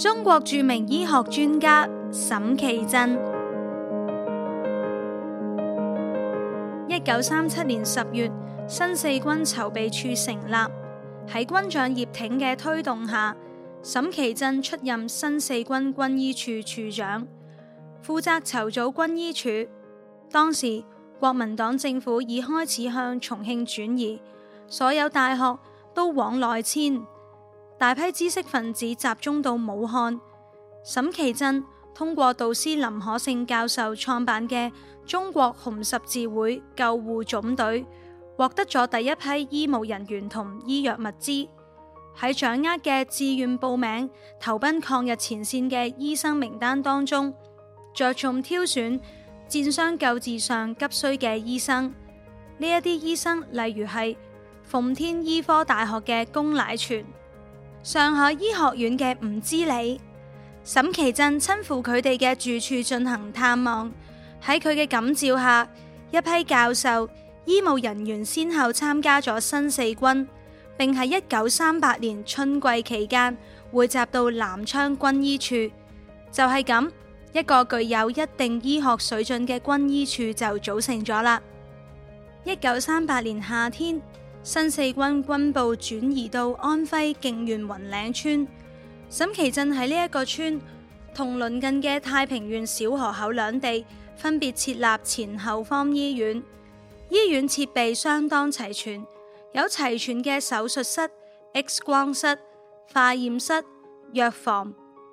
中國著名醫學專家沈其震，一九三七年十月，新四軍籌備處成立，喺軍長葉挺嘅推動下，沈其震出任新四軍軍醫處處長，負責籌組組軍醫處。當時國民黨政府已開始向重慶轉移，所有大學都往內遷。大批知識分子集中到武漢。沈其震通過導師林可勝教授創辦嘅中國紅十字會救護總隊，獲得咗第一批醫務人員同醫藥物資。喺掌握嘅志願報名投奔抗日前線嘅醫生名單當中，着重挑選戰傷救治上急需嘅醫生。呢一啲醫生，例如係奉天醫科大學嘅龔乃泉。上海醫學院嘅吳之理，沈其震親赴佢哋嘅住處進行探望。喺佢嘅感召下，一批教授、醫務人員先後參加咗新四軍，並喺一九三八年春季期間匯集到南昌軍醫處。就係咁一個具有一定醫學水準嘅軍醫處就組成咗啦。一九三八年夏天，新四軍軍部轉移到安徽涇縣雲嶺村，沈其震喺呢一個村同鄰近嘅太平縣小河口兩地分別設立前後方醫院，醫院設備相當齊全，有齊全嘅手術室、X 光室、化驗室、藥房，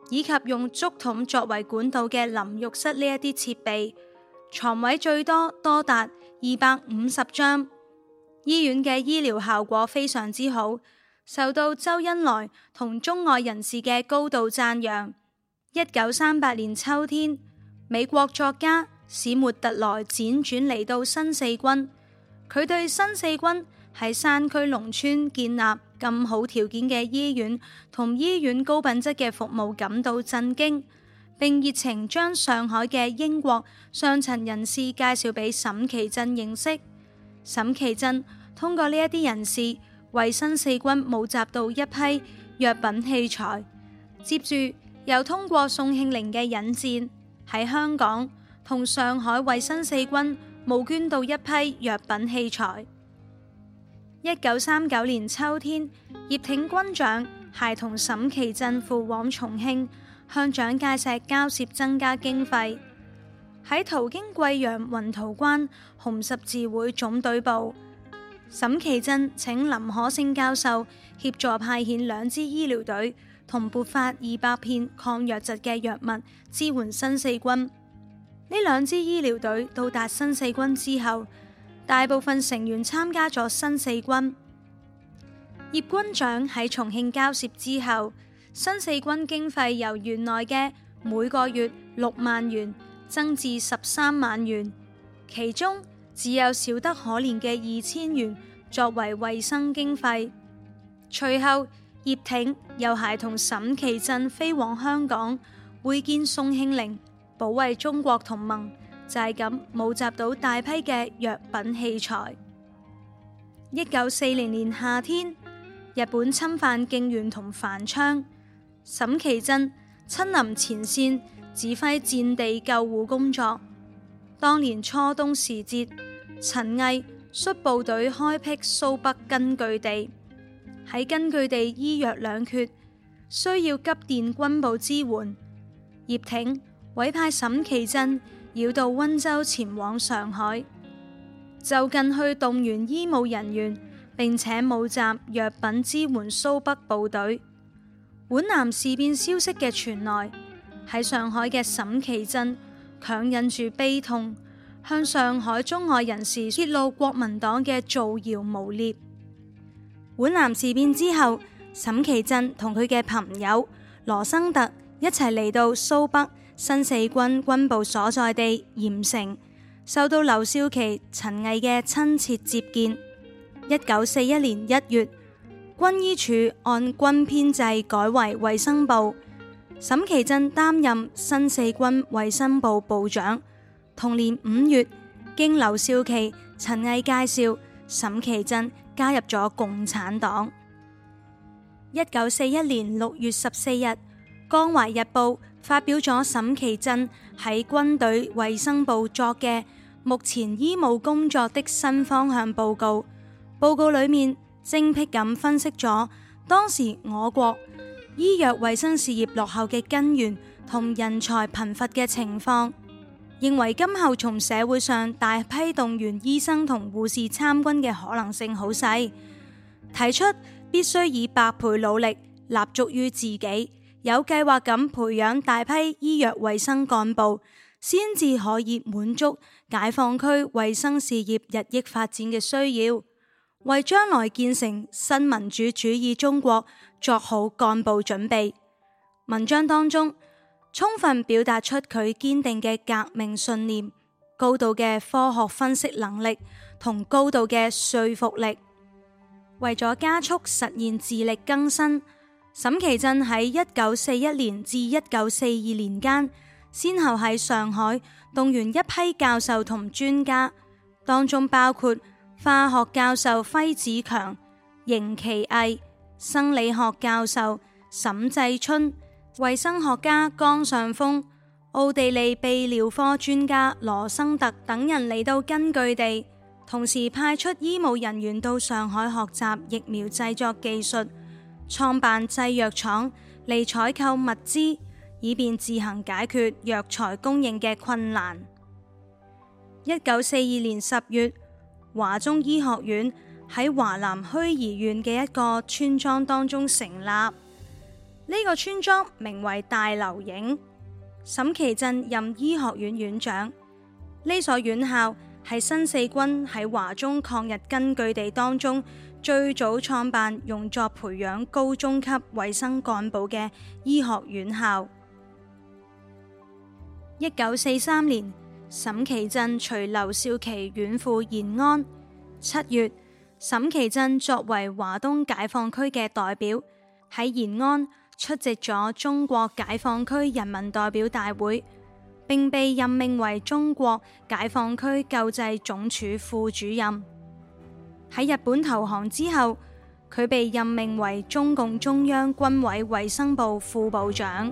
以及用竹筒作為管道嘅淋浴室呢一啲設備，床位最多多達二百五十張。醫院嘅醫療效果非常之好，受到周恩來同中外人士嘅高度讚揚。一九三八年秋天，美國作家史沫特萊輾轉嚟到新四軍，佢對新四軍喺山區農村建立咁好條件嘅醫院同醫院高品質嘅服務感到震驚，並熱情將上海嘅英國上層人士介紹俾沈其震認識。沈其震。通過呢一啲人士，為新四軍募集到一批藥品器材。接住又通過宋慶齡嘅引薦喺香港同上海，為新四軍募捐到一批藥品器材。一九三九年秋天，葉挺軍長偕同沈其震赴往重慶，向蔣介石交涉增加經費。喺途經貴陽圖雲關，紅十字會總隊部。沈其震請林可勝教授協助派遣兩支醫療隊，同撥發二百片抗瘧疾嘅藥物支援新四軍。呢兩支醫療隊到達新四軍之後，大部分成員參加咗新四軍。葉軍長喺重慶交涉之後，新四軍經費由原來嘅每個月六萬元增至十三萬元，其中。只有少得可憐嘅二千元作為衛生經費，隨後葉挺又偕同沈其震飛往香港會見宋慶齡保衛中國同盟，就係咁募集到大批嘅藥品器材。一九四零年夏天，日本侵犯靖遠同繁昌，沈其震親臨前線指揮戰地救護工作。當年初冬時節。陳毅率部隊開闢蘇北根據地，喺根據地醫藥兩缺，需要急電軍部支援。葉挺委派沈其震繞道温州前往上海，就近去動員醫務人員，並且募集藥品支援蘇北部隊。皖南事變消息嘅傳來，喺上海嘅沈其震強忍住悲痛。向上海中外人士揭露國民黨嘅造謠誣衊。皖南事變之後，沈其震同佢嘅朋友羅生特一齊嚟到蘇北新四軍軍部所在地鹽城，受到劉少奇、陳毅嘅親切接見。一九四一年一月，軍醫處按軍編制改為衛生部，沈其震擔任新四軍衛生部部長。同年五月，經劉少奇、陳毅介紹，沈其震加入咗共產黨。一九四一年六月十四日，《江淮日報》發表咗沈其震喺軍隊衛生部作嘅《目前醫務工作的新方向》報告。報告裏面精辟咁分析咗當時我國醫藥衛生事業落後嘅根源同人才貧乏嘅情況。認為今後從社會上大批動員醫生同護士參軍嘅可能性好細，提出必須以百倍努力立足於自己，有計劃咁培養大批醫藥衛生幹部，先至可以滿足解放區衛生事業日益發展嘅需要，為將來建成新民主主義中國作好幹部準備。文章當中，充分表達出佢堅定嘅革命信念，高度嘅科學分析能力同高度嘅說服力，為咗加速實現自力更新，沈其震喺一九四一年至一九四二年間，先後喺上海動員一批教授同專家，當中包括化學教授徽子強、邢其毅、生理學教授沈濟春。衛生學家江上峰、奧地利泌尿科專家羅生特等人嚟到根據地，同時派出醫務人員到上海學習疫苗製作技術，創辦製藥廠嚟採購物資，以便自行解決藥材供應嘅困難。一九四二年十月，華中醫學院喺華南虛夷縣嘅一個村莊當中成立。呢個村莊名為大樓營。沈其震任醫學院院長。呢所院校係新四軍喺華中抗日根據地當中最早創辦，用作培養高中級衛生幹部嘅醫學院校。一九四三年，沈其震隨劉少奇遠赴延安。七月，沈其震作為華東解放區嘅代表喺延安。出席咗中國解放區人民代表大會，並被任命為中國解放區救濟總署副主任。喺日本投降之後，佢被任命為中共中央軍委衛生部副部長。